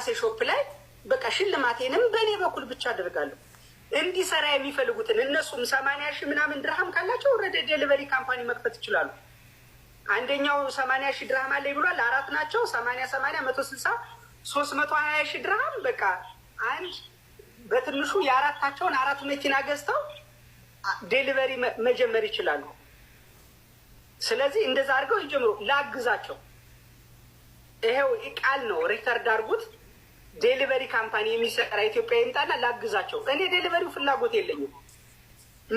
ራሴ ሾፕ ላይ በቃ ሽልማቴንም በእኔ በኩል ብቻ አደርጋለሁ። እንዲሰራ የሚፈልጉትን እነሱም ሰማንያ ሺህ ምናምን ድርሃም ካላቸው ወረደ ዴሊቨሪ ካምፓኒ መክፈት ይችላሉ። አንደኛው ሰማንያ ሺህ ድርሃም አለኝ ብሏል። አራት ናቸው። ሰማንያ ሰማንያ መቶ ስልሳ ሶስት መቶ ሀያ ሺህ ድርሃም በቃ አንድ በትንሹ የአራታቸውን አራት መኪና ገዝተው ዴሊቨሪ መጀመር ይችላሉ። ስለዚህ እንደዛ አድርገው ይጀምሩ። ላግዛቸው። ይሄው ቃል ነው። ሪከርድ አድርጉት። ዴሊቨሪ ካምፓኒ የሚሰራ ኢትዮጵያ ይምጣና ላግዛቸው። እኔ ዴሊቨሪው ፍላጎት የለኝም።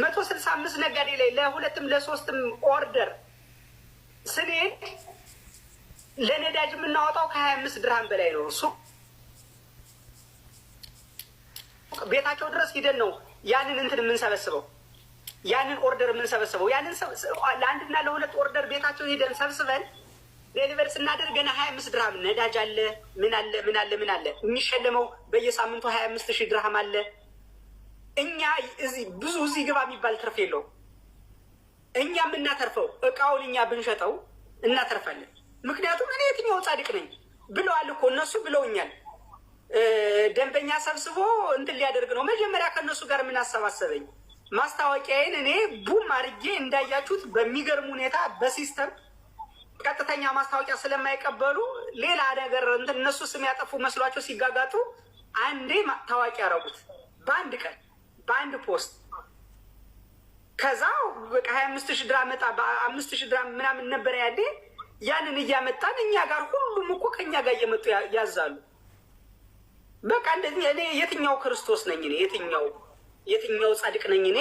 መቶ ስልሳ አምስት ነጋዴ ላይ ለሁለትም ለሶስትም ኦርደር ስንሄድ ለነዳጅ የምናወጣው ከሀያ አምስት ድርሃን በላይ ነው። እሱ ቤታቸው ድረስ ሂደን ነው ያንን እንትን የምንሰበስበው ያንን ኦርደር የምንሰበስበው ያንን ለአንድና ለሁለት ኦርደር ቤታቸው ሂደን ሰብስበን ዴሊቨር ስናደርግ ገና ሀያ አምስት ድርሃም ነዳጅ አለ፣ ምን አለ፣ ምን አለ፣ ምን አለ። የሚሸለመው በየሳምንቱ ሀያ አምስት ሺህ ድርሃም አለ። እኛ እዚህ ብዙ እዚህ ግባ የሚባል ትርፍ የለው። እኛ የምናተርፈው እቃውን እኛ ብንሸጠው እናተርፋለን። ምክንያቱም እኔ የትኛው ጻድቅ ነኝ ብለዋል እኮ እነሱ ብለውኛል። ደንበኛ ሰብስቦ እንትን ሊያደርግ ነው። መጀመሪያ ከእነሱ ጋር የምናሰባሰበኝ ማስታወቂያዬን እኔ ቡም አድርጌ እንዳያችሁት በሚገርም ሁኔታ በሲስተም ቀጥተኛ ማስታወቂያ ስለማይቀበሉ ሌላ ነገር እንትን እነሱ ስም ያጠፉ መስሏቸው ሲጋጋጡ አንዴ ታዋቂ ያረጉት በአንድ ቀን በአንድ ፖስት። ከዛ ሀያ አምስት ድራ መጣ በአምስት ሺህ ድራ ምናምን ነበር ያዴ ያንን እያመጣን እኛ ጋር ሁሉም እኮ ከእኛ ጋር እየመጡ ያዛሉ። በቃ እንደዚህ እኔ የትኛው ክርስቶስ ነኝ? እኔ የትኛው የትኛው ጻድቅ ነኝ እኔ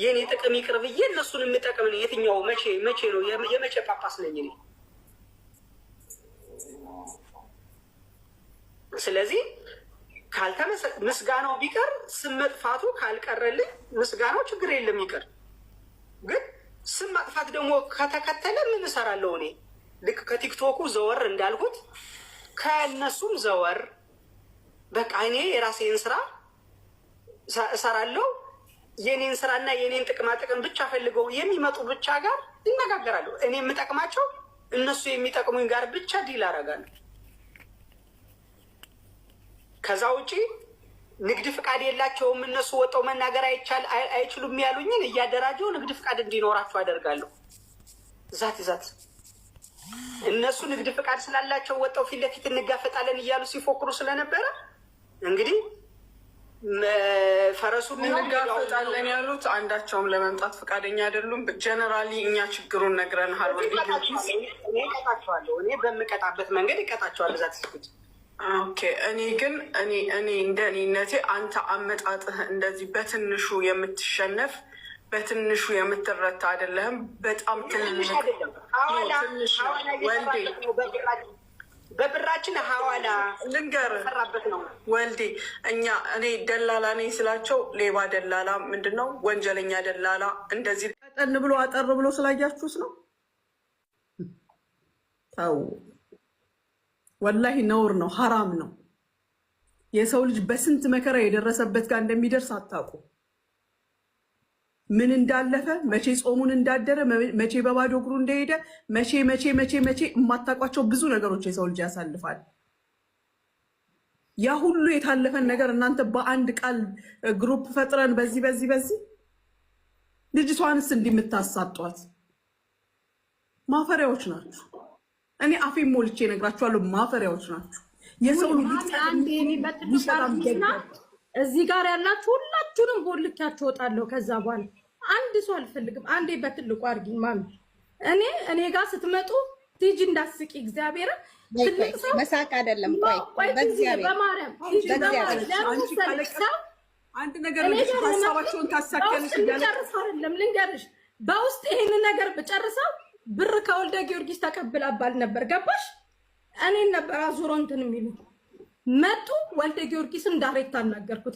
የእኔ ጥቅም ይቅርብ ብዬ እነሱን የምጠቅም የትኛው መቼ መቼ ነው የመቼ ጳጳስ ነኝ እኔ? ስለዚህ ካልተመሰ ምስጋናው ቢቀር ስም መጥፋቱ ካልቀረልኝ ምስጋናው ችግር የለም ይቅር። ግን ስም መጥፋት ደግሞ ከተከተለ ምን እሰራለሁ እኔ? ልክ ከቲክቶኩ ዘወር እንዳልኩት ከእነሱም ዘወር። በቃ እኔ የራሴን ስራ እሰራለሁ። የኔን ስራና የኔን ጥቅማ ጥቅም ብቻ ፈልገው የሚመጡ ብቻ ጋር ይነጋገራሉ እኔ የምጠቅማቸው እነሱ የሚጠቅሙኝ ጋር ብቻ ዲል አረጋሉ። ከዛ ውጪ ንግድ ፍቃድ የላቸውም እነሱ ወጠው መናገር አይቻል አይችሉም ያሉኝን እያደራጀው ንግድ ፍቃድ እንዲኖራቸው አደርጋለሁ። ዛት ዛት እነሱ ንግድ ፍቃድ ስላላቸው ወጠው ፊት ለፊት እንጋፈጣለን እያሉ ሲፎክሩ ስለነበረ እንግዲህ ፈረሱን እንጋፈጣለን ያሉት አንዳቸውም ለመምጣት ፈቃደኛ አይደሉም። ጀነራሊ እኛ ችግሩን ነግረንሃል። እኔ በምቀጣበት መንገድ ይቀጣቸዋል። እዛ ኦኬ። እኔ ግን እኔ እኔ እንደ እኔነቴ አንተ አመጣጥህ እንደዚህ በትንሹ የምትሸነፍ በትንሹ የምትረታ አይደለህም። በጣም ትንሽ ወንዴ በብራችን ሀዋላ ሰራበት ነው ወልዴ። እኛ እኔ ደላላ ነኝ ስላቸው ሌባ ደላላ ምንድን ነው ወንጀለኛ ደላላ እንደዚህ ቀጠን ብሎ አጠር ብሎ ስላያችሁት ነው። ተው ወላሂ ነውር ነው፣ ሀራም ነው። የሰው ልጅ በስንት መከራ የደረሰበት ጋር እንደሚደርስ አታቁ? ምን እንዳለፈ መቼ ጾሙን እንዳደረ መቼ በባዶ እግሩ እንደሄደ መቼ መቼ መቼ መቼ የማታውቋቸው ብዙ ነገሮች የሰው ልጅ ያሳልፋል። ያ ሁሉ የታለፈን ነገር እናንተ በአንድ ቃል ግሩፕ ፈጥረን በዚህ በዚህ በዚህ ልጅቷንስ እንዲምታሳጧት ማፈሪያዎች ናችሁ። እኔ አፌ ሞልቼ እነግራችኋለሁ፣ ማፈሪያዎች ናችሁ። የሰው ልጅ እዚህ ጋር ያላችሁ ሁላችሁንም ቦልኪያችሁ እወጣለሁ። ከዛ በኋላ አንድ ሰው አልፈልግም። አንዴ በትልቁ አድርጊኝ ማሚ። እኔ እኔ ጋር ስትመጡ ቲጂ እንዳስቂ እግዚአብሔር ትልቅ ሰው መሳቅ አይደለም። ቆይ በማርያም ልንገርሽ፣ በውስጥ ይሄንን ነገር ብጨርሰው ብር ከወልደ ጊዮርጊስ ተቀብላ አባል ነበር። ገባሽ? እኔን ነበር አዙሮ እንትን የሚሉ መጡ። ወልደ ጊዮርጊስን ዳይሬክት አናገርኩት።